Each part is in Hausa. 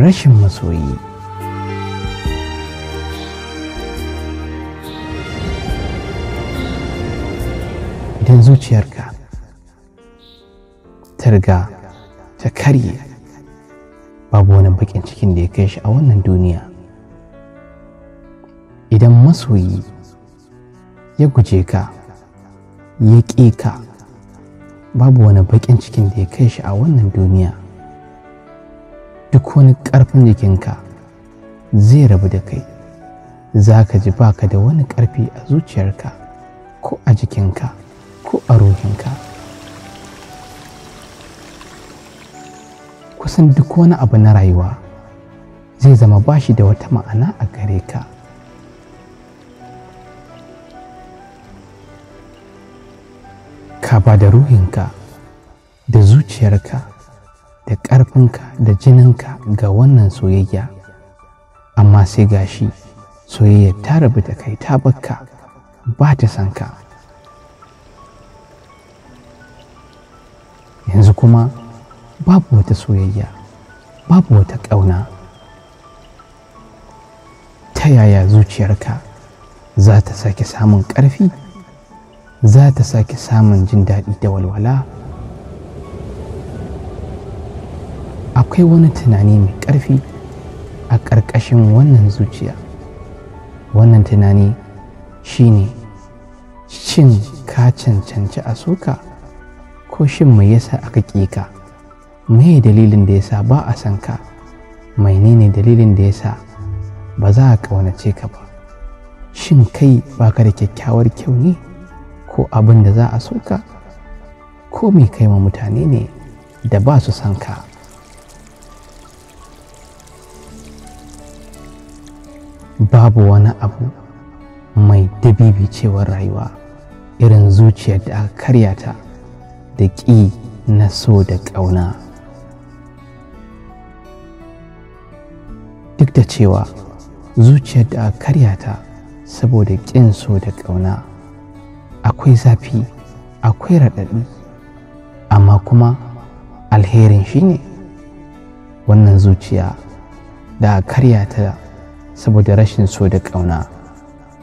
rashin masoyi idan zuciyarka ta riga ta karye babu wani bakin cikin da ya kai shi a wannan duniya idan masoyi ya guje ka ya ƙe ka babu wani baƙin cikin da ya kai shi a wannan duniya duk wani ƙarfin jikinka zai rabu da kai za ka ji baka da wani ƙarfi a zuciyarka ko a jikinka ko a ruhinka kusan duk wani abu na rayuwa zai zama bashi da wata ma'ana a gare ka ka ba da ruhinka da zuciyarka da ƙarfinka da jininka ga wannan soyayya amma sai gashi soyayya ta rabu da kai ta bakka ba ta san ka yanzu kuma babu wata soyayya babu wata ƙauna ta yaya zuciyarka za ta sake samun ƙarfi za ta sake samun jin daɗi da walwala akwai wani tunani mai ƙarfi a ƙarƙashin wannan zuciya wannan tunani shine shin ka cancanci a soka ko shin mai yasa aka ƙi ka me dalilin da yasa ba a san ka ne dalilin da yasa ba za a ƙaunace ka ba shin kai ba ka da kyakkyawar kyau ne ko abin da za a soka ko mai kai ma mutane ne da ba su san ka babu wani abu mai dabibi cewar rayuwa irin zuciyar da aka karyata da ƙi na so da ƙauna duk da cewa zuciyar da aka karyata saboda ƙin so da ƙauna akwai zafi akwai raɗaɗi amma kuma alherin shine wannan zuciya da karya karyata. saboda rashin so da ƙauna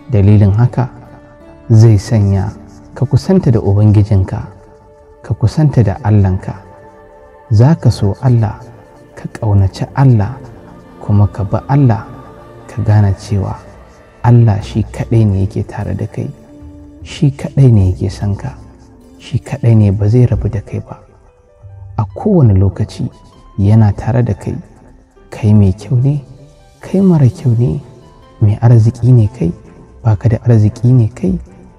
dalilin haka zai sanya ka kusanta da ubangijinka ka kusanta da allahnka za ka so allah ka ƙaunaci allah kuma ka bi allah ka gane cewa allah shi kaɗai ne yake tare da kai shi kaɗai ne yake son ka shi kaɗai ne ba zai rabu da kai ba a kowane lokaci yana tare da kai kai mai kyau ne kai mara kyau ne mai arziki ne kai baka da arziki ne kai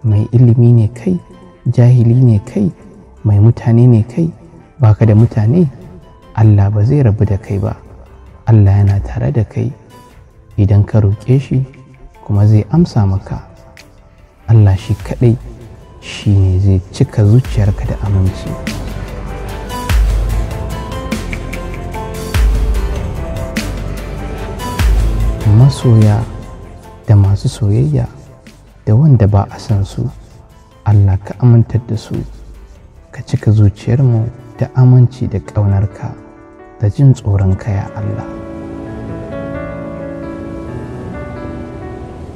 mai ilimi ne kai jahili ne kai mai mutane ne kai baka da mutane Allah ba zai rabu da kai ba Allah yana tare da kai idan ka roƙe shi kuma zai amsa maka Allah shi kaɗai shi ne zai cika zuciyarka da aminci. masoya da masu soyayya da wanda ba a san su Allah ka amintar da su ka cika zuciyarmu da aminci da ƙaunarka da jin tsoronka ya Allah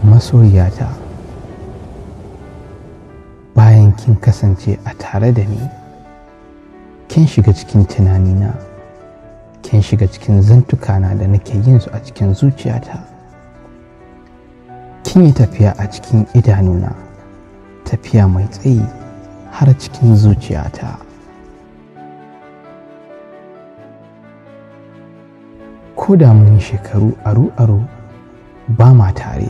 masoyata bayan kin kasance a tare da ni kin shiga cikin tunani na. kin shiga cikin zantuka na da nake yin su a cikin zuciyata kin yi tafiya a cikin idanuna tafiya mai tsayi har cikin zuciyata ko da mun shekaru aru-aru ba ma tare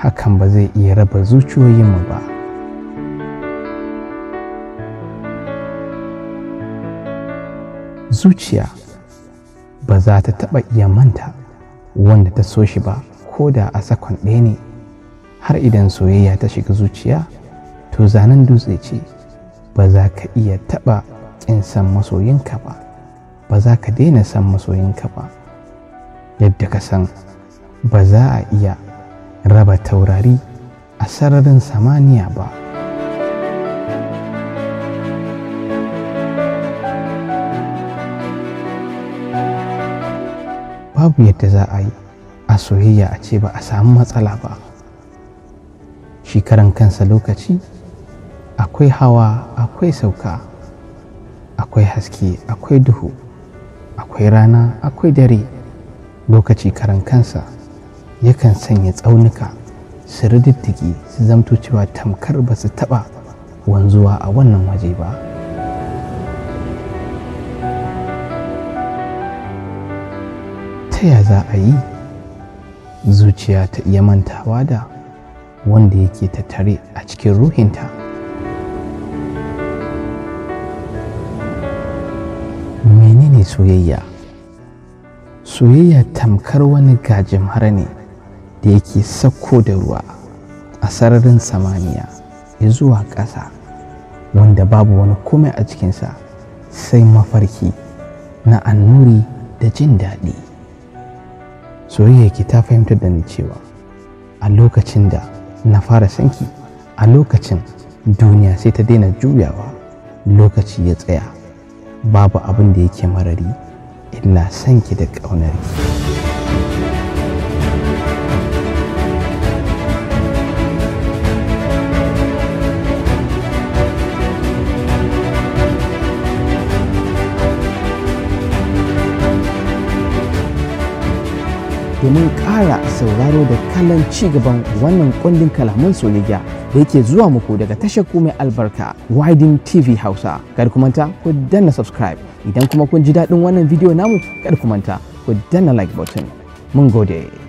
hakan ba zai iya raba zuciyoyinmu ba zuciya ba za ta taɓa iya manta wanda ta so shi ba ko da a sakon ɗaya ne har idan soyayya ta shiga zuciya to zanen dutse ce ba za ka iya taɓa ƙin san masoyinka ba ba za ka daina san masoyinka ba yadda ka san ba za a iya raba taurari a sararin samaniya ba. babu yadda za a yi a soyayya a ce ba a samu matsala ba shi kansa lokaci akwai hawa akwai sauka akwai haske akwai duhu akwai rana akwai dare lokaci karan kansa yakan sanya tsaunuka su riddiki su zamto cewa tamkar ba su taɓa wanzuwa a wannan waje ba. ta ya za a yi zuciya ta iya mantawa da wanda yake tattare a cikin ruhinta menene soyayya soyayya tamkar wani gajin hara ne da yake sakko da ruwa a sararin samaniya ya zuwa ƙasa wanda babu wani komai a cikinsa sai mafarki na annuri da jin daɗi soyayya ki ta fahimtar da ni cewa a lokacin da na fara sanki a lokacin duniya sai ta daina juyawa lokaci ya tsaya babu abin da yake marari illa sanki da ƙaunarki. domin ƙara sauraro da kallon cigaban wannan kundin kalaman soyayya da yake zuwa muku daga tashar mai albarka Widen TV Hausa. Kada ku manta ku danna subscribe idan kuma kun ji daɗin wannan bidiyo namu kada ku manta ku danna like button. Mun gode.